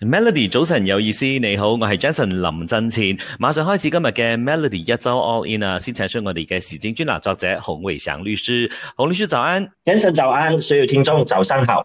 Melody 早晨有意思，你好，我係 Jason 林振前，馬上開始今日嘅 Melody 一周 All In 啊，先請出我哋嘅時政專欄作者洪偉祥律師，洪律師早安，Jason 早安，所有聽眾早上好。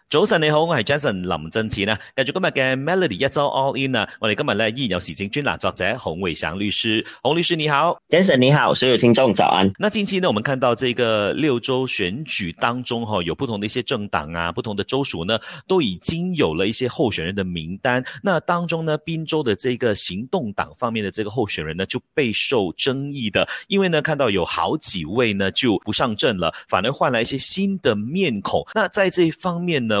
早晨你好，我係 Jason 林振奇。呢繼續今日嘅 Melody 一周 All In 呢、啊、我哋今日咧依然有時政專欄作者洪偉祥律師，洪律師你好，Jason 你好，所有聽眾早安。那近期呢，我們看到這個六州選舉當中，哦，哈有不同的一些政黨啊，不同的州屬呢，都已經有了一些候選人的名單。那當中呢，檳州的這個行動黨方面的這個候選人呢，就備受爭議的，因為呢，看到有好幾位呢就不上陣了，反而換來一些新的面孔。那在這一方面呢？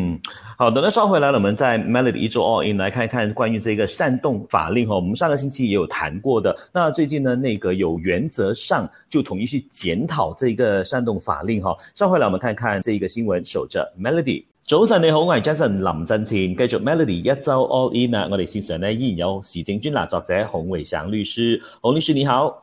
嗯，好的，那稍後回來了，我們在 Melody 一周 All In 來看一看關於這個煽動法令哈，我們上個星期也有談過的，那最近呢，內閣有原則上就同意去檢討這個煽動法令哈，稍後回來我們看看這一個新聞，守着 Melody，早晨你好，我係 Jason，林振前，繼續 Melody 一周 All In 我哋線上咧依然有時政君啦作者洪偉祥律師，洪律師你好。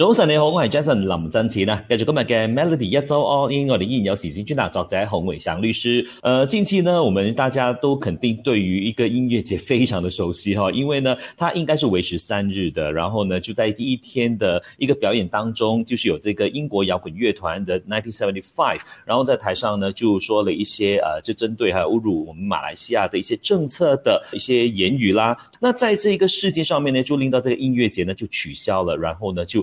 早晨你好，我係 Jason 林振慈啊，繼續今日嘅 Melody 一周 All In，我哋依然有時事專欄作者洪偉祥律師。近期呢，我們大家都肯定對於一個音樂節非常的熟悉哈、哦，因為呢，它應該是維持三日的，然後呢，就在第一天的一個表演當中，就是有這個英國搖滾樂團的 Nineteen Seventy Five，然後在台上呢就說了一些，呃，就針對還有侮辱我們馬來西亞的一些政策的一些言語啦。那在這個世界上面呢，就令到這個音樂節呢就取消了，然後呢就。